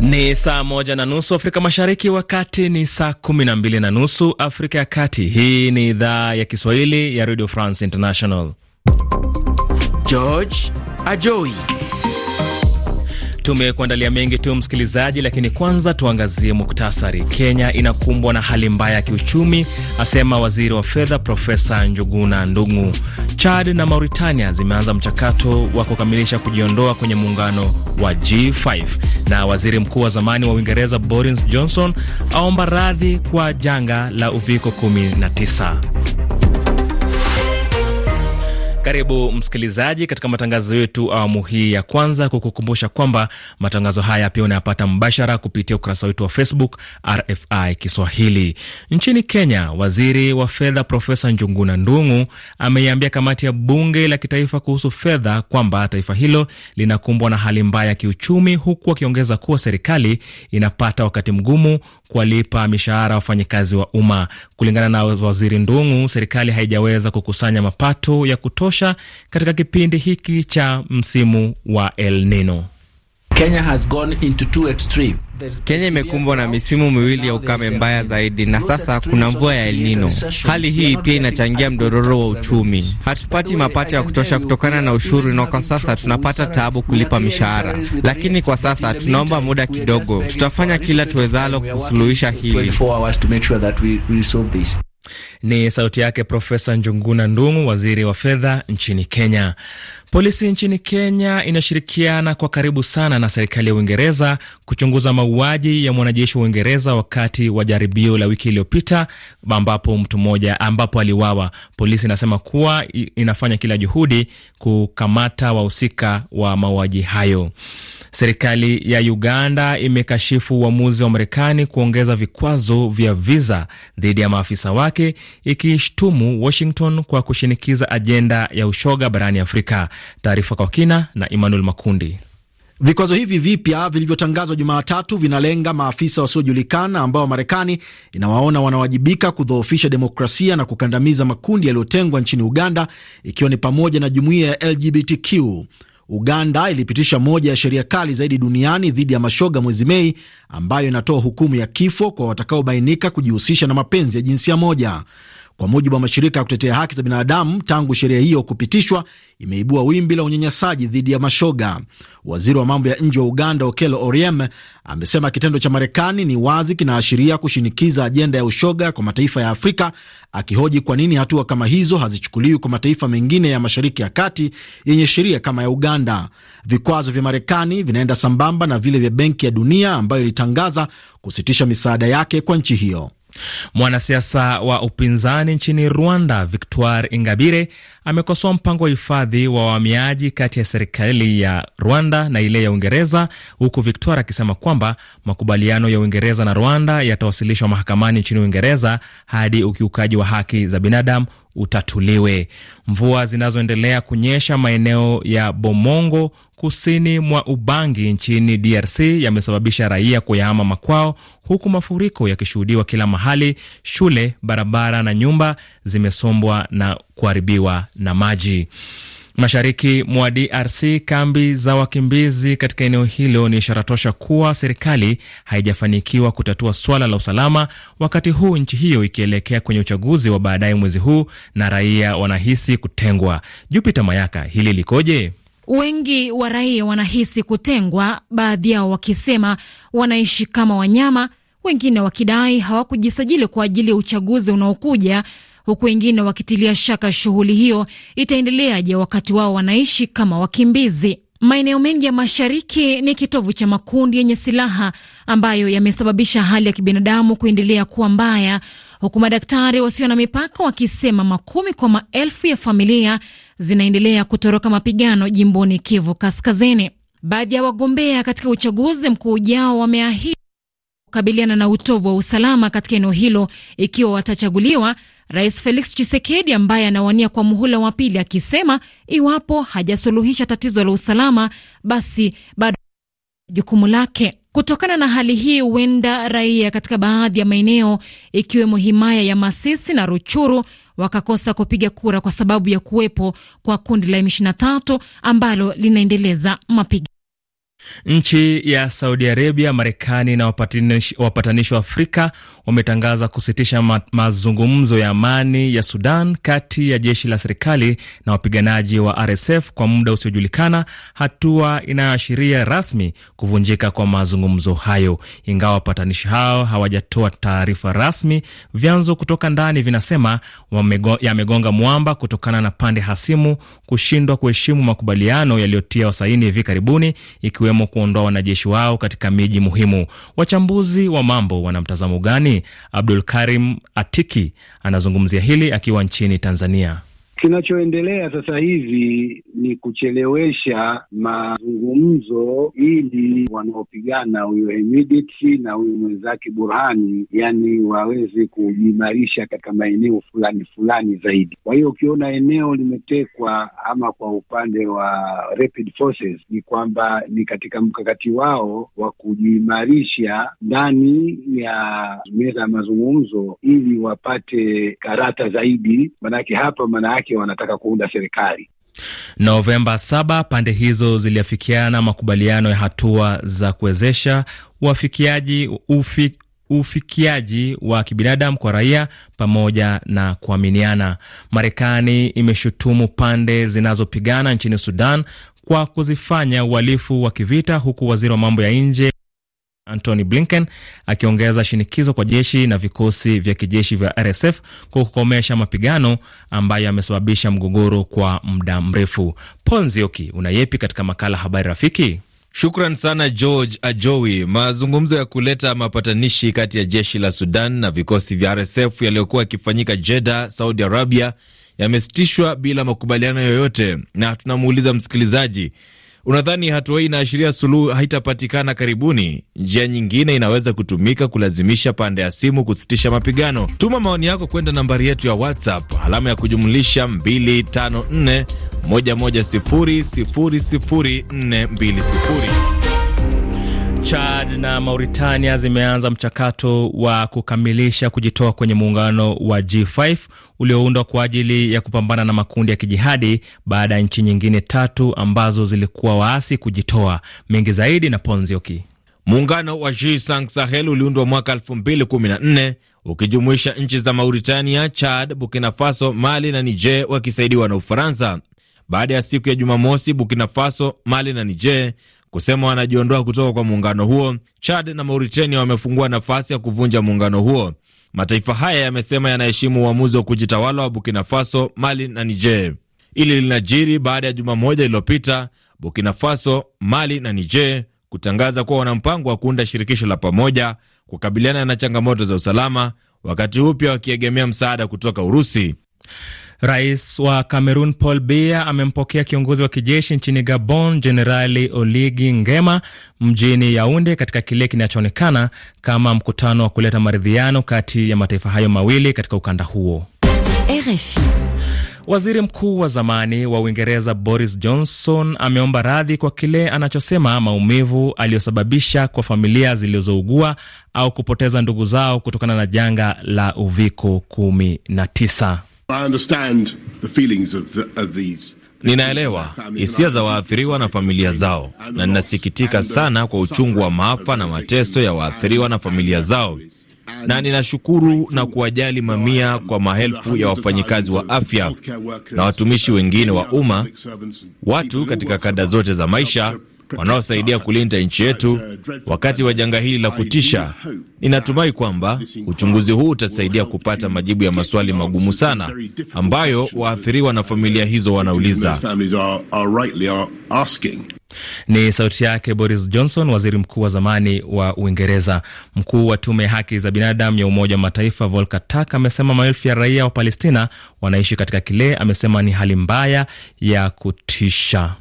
Ni saa moja na nusu Afrika Mashariki, wakati ni saa kumi na mbili na nusu Afrika ya Kati. Hii ni idhaa ya Kiswahili ya Radio France International. George Ajoi Tumekuandalia mengi tu msikilizaji, lakini kwanza tuangazie muktasari. Kenya inakumbwa na hali mbaya ya kiuchumi, asema waziri wa fedha Profesa Njuguna Ndung'u. Chad na Mauritania zimeanza mchakato wa kukamilisha kujiondoa kwenye muungano wa G5, na waziri mkuu wa zamani wa Uingereza Boris Johnson aomba radhi kwa janga la uviko 19. Karibu msikilizaji katika matangazo yetu awamu hii ya kwanza, kukukumbusha kwamba matangazo haya pia unayapata mbashara kupitia ukurasa wetu wa Facebook RFI Kiswahili. Nchini Kenya, waziri wa fedha Profesa Njuguna Ndung'u ameiambia kamati ya bunge la kitaifa kuhusu fedha kwamba taifa hilo linakumbwa na hali mbaya ya kiuchumi, huku akiongeza kuwa serikali inapata wakati mgumu kuwalipa mishahara wafanyikazi wa umma. Kulingana na waziri Ndung'u, serikali haijaweza kukusanya mapato ya kutosha kutosha katika kipindi hiki cha msimu wa El Nino. Kenya has gone into two extreme. Kenya imekumbwa na misimu miwili ya ukame mbaya zaidi na sasa kuna mvua ya El Nino. Hali hii pia inachangia mdororo wa uchumi. Hatupati mapato ya kutosha kutokana na ushuru, na kwa sasa tunapata taabu kulipa mishahara. Lakini kwa sasa tunaomba muda kidogo, tutafanya kila tuwezalo kusuluhisha hili. Ni sauti yake Profesa Njuguna Ndung'u, waziri wa fedha nchini Kenya. Polisi nchini Kenya inashirikiana kwa karibu sana na serikali ya Uingereza kuchunguza mauaji ya mwanajeshi wa Uingereza wakati wa jaribio la wiki iliyopita ambapo mtu mmoja ambapo aliwawa. Polisi inasema kuwa inafanya kila juhudi kukamata wahusika wa, wa mauaji hayo. Serikali ya Uganda imekashifu uamuzi wa Marekani kuongeza vikwazo vya viza dhidi ya maafisa wake, ikishtumu Washington kwa kushinikiza ajenda ya ushoga barani Afrika. Taarifa kwa kina na Emmanuel Makundi. Vikwazo hivi vipya vilivyotangazwa Jumatatu vinalenga maafisa wasiojulikana ambao Marekani inawaona wanawajibika kudhoofisha demokrasia na kukandamiza makundi yaliyotengwa nchini Uganda, ikiwa ni pamoja na jumuiya ya LGBTQ. Uganda ilipitisha moja ya sheria kali zaidi duniani dhidi ya mashoga mwezi Mei, ambayo inatoa hukumu ya kifo kwa watakaobainika kujihusisha na mapenzi ya jinsia moja. Kwa mujibu wa mashirika ya kutetea haki za binadamu, tangu sheria hiyo kupitishwa imeibua wimbi la unyanyasaji dhidi ya mashoga. Waziri wa mambo ya nje wa Uganda, Okello Oryem, amesema kitendo cha Marekani ni wazi kinaashiria kushinikiza ajenda ya ushoga kwa mataifa ya Afrika, akihoji kwa nini hatua kama hizo hazichukuliwi kwa mataifa mengine ya Mashariki ya Kati yenye sheria kama ya Uganda. Vikwazo vya Marekani vinaenda sambamba na vile vya Benki ya Dunia ambayo ilitangaza kusitisha misaada yake kwa nchi hiyo. Mwanasiasa wa upinzani nchini Rwanda, Victoire Ingabire, amekosoa mpango wa hifadhi wa wahamiaji kati ya serikali ya Rwanda na ile ya Uingereza, huku Victoire akisema kwamba makubaliano ya Uingereza na Rwanda yatawasilishwa mahakamani nchini Uingereza hadi ukiukaji wa haki za binadamu utatuliwe. Mvua zinazoendelea kunyesha maeneo ya Bomongo kusini mwa Ubangi nchini DRC yamesababisha raia kuyahama makwao, huku mafuriko yakishuhudiwa kila mahali. Shule, barabara na nyumba zimesombwa na kuharibiwa na maji. Mashariki mwa DRC, kambi za wakimbizi katika eneo hilo ni ishara tosha kuwa serikali haijafanikiwa kutatua swala la usalama, wakati huu nchi hiyo ikielekea kwenye uchaguzi wa baadaye mwezi huu na raia wanahisi kutengwa. jupita Mayaka, hili likoje? Wengi wa raia wanahisi kutengwa, baadhi yao wakisema wanaishi kama wanyama, wengine wakidai hawakujisajili kwa ajili ya uchaguzi unaokuja huku wengine wakitilia shaka shughuli hiyo itaendeleaje wakati wao wanaishi kama wakimbizi. Maeneo mengi ya mashariki ni kitovu cha makundi yenye silaha ambayo yamesababisha hali ya kibinadamu kuendelea kuwa mbaya, huku madaktari wasio na mipaka wakisema makumi kwa maelfu ya familia zinaendelea kutoroka mapigano jimboni Kivu Kaskazini. Baadhi ya wagombea katika uchaguzi mkuu ujao wameahidi kukabiliana na utovu wa usalama katika eneo hilo ikiwa watachaguliwa, Rais Felix Tshisekedi ambaye anawania kwa muhula wa pili, akisema iwapo hajasuluhisha tatizo la usalama, basi bado jukumu lake. Kutokana na hali hii, huenda raia katika baadhi ya maeneo ikiwemo himaya ya Masisi na Ruchuru wakakosa kupiga kura kwa sababu ya kuwepo kwa kundi la M23 ambalo linaendeleza mapigano. Nchi ya Saudi Arabia, Marekani na wapatanishi wa Afrika wametangaza kusitisha ma mazungumzo ya amani ya Sudan kati ya jeshi la serikali na wapiganaji wa RSF kwa muda usiojulikana, hatua inayoashiria rasmi kuvunjika kwa mazungumzo hayo, ingawa wapatanishi hao hawajatoa taarifa rasmi. Vyanzo kutoka ndani vinasema yamegonga mwamba kutokana na pande hasimu kushindwa kuheshimu makubaliano yaliyotia wasaini hivi karibuni, ikiwemo kuondoa wanajeshi wao katika miji muhimu. Wachambuzi wa mambo wana mtazamo gani? Abdul Karim Atiki anazungumzia hili akiwa nchini Tanzania. Kinachoendelea sasa hivi ni kuchelewesha mazungumzo ili wanaopigana huyo Hemedti na huyu mwenzake Burhani, yani waweze kujimarisha katika maeneo fulani fulani zaidi. Kwa hiyo ukiona eneo limetekwa ama kwa upande wa Rapid Forces, ni kwamba ni katika mkakati wao wa kujimarisha ndani ya meza ya mazungumzo ili wapate karata zaidi, manake hapa manake maanake wanataka kuunda serikali. Novemba saba, pande hizo ziliafikiana makubaliano ya hatua za kuwezesha uafikiaji ufi ufikiaji wa kibinadamu kwa raia pamoja na kuaminiana. Marekani imeshutumu pande zinazopigana nchini Sudan kwa kuzifanya uhalifu wa kivita, huku waziri wa mambo ya nje Antony Blinken akiongeza shinikizo kwa jeshi na vikosi vya kijeshi vya RSF kwa kukomesha mapigano ambayo yamesababisha mgogoro kwa muda mrefu. Paul Nzioki unayepi katika makala Habari Rafiki. Shukran sana George Ajowi. Mazungumzo ya kuleta mapatanishi kati ya jeshi la Sudan na vikosi vya RSF yaliyokuwa yakifanyika jeda Saudi Arabia, yamesitishwa bila makubaliano yoyote, na tunamuuliza msikilizaji Unadhani hatua hii inaashiria suluhu haitapatikana karibuni? Njia nyingine inaweza kutumika kulazimisha pande ya simu kusitisha mapigano? Tuma maoni yako kwenda nambari yetu ya WhatsApp alama ya kujumlisha 254 110 000 420. Chad na Mauritania zimeanza mchakato wa kukamilisha kujitoa kwenye muungano wa G5 ulioundwa kwa ajili ya kupambana na makundi ya kijihadi baada ya nchi nyingine tatu ambazo zilikuwa waasi kujitoa. Mengi zaidi na Ponzioki. Muungano wa G5 Sahel uliundwa mwaka 2014 ukijumuisha nchi za Mauritania, Chad, Burkina Faso, Mali na Niger wakisaidiwa na Ufaransa. Baada ya siku ya Jumamosi, Burkina Faso, Mali na Niger kusema wanajiondoa kutoka kwa muungano huo. Chad na Mauritania wamefungua nafasi ya kuvunja muungano huo. Mataifa haya yamesema yanaheshimu uamuzi wa kujitawala wa Burkina Faso, Mali na Niger. Ili linajiri baada ya juma moja iliyopita Burkina Faso, Mali na Niger kutangaza kuwa wana mpango wa kuunda shirikisho la pamoja kukabiliana na changamoto za usalama, wakati huu pia wakiegemea msaada kutoka Urusi. Rais wa Cameroon Paul Biya amempokea kiongozi wa kijeshi nchini Gabon Jenerali Oligi Ngema mjini Yaunde katika kile kinachoonekana kama mkutano wa kuleta maridhiano kati ya mataifa hayo mawili katika ukanda huo. RFI. Waziri mkuu wa zamani wa Uingereza Boris Johnson ameomba radhi kwa kile anachosema maumivu aliyosababisha kwa familia zilizougua au kupoteza ndugu zao kutokana na janga la Uviko 19. Ninaelewa hisia za waathiriwa na familia zao, na ninasikitika uh, sana kwa uchungu wa maafa na mateso ya waathiriwa na familia zao, na ninashukuru na kuwajali mamia kwa maelfu ya wafanyikazi wa afya na watumishi wengine wa umma, watu katika kada zote za maisha wanaosaidia kulinda nchi yetu wakati wa janga hili la kutisha. Ninatumai kwamba uchunguzi huu utasaidia kupata majibu ya maswali magumu sana ambayo waathiriwa na familia hizo wanauliza. Ni sauti yake Boris Johnson, waziri mkuu wa zamani wa Uingereza. Mkuu wa tume ya haki za binadamu ya Umoja wa Mataifa Volker Turk amesema maelfu ya raia wa Palestina wanaishi katika kile amesema ni hali mbaya ya kutisha.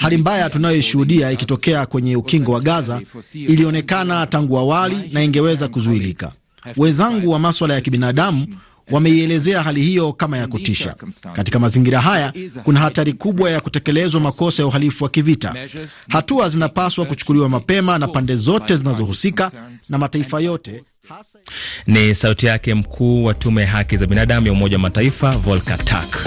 Hali mbaya tunayoishuhudia ikitokea kwenye ukingo wa Gaza ilionekana tangu awali na ingeweza kuzuilika. Wenzangu wa maswala ya kibinadamu wameielezea hali hiyo kama ya kutisha. Katika mazingira haya, kuna hatari kubwa ya kutekelezwa makosa ya uhalifu wa kivita. Hatua zinapaswa kuchukuliwa mapema na pande zote zinazohusika na mataifa yote. Ni sauti yake mkuu wa tume ya haki za binadamu ya Umoja wa Mataifa Volker Turk.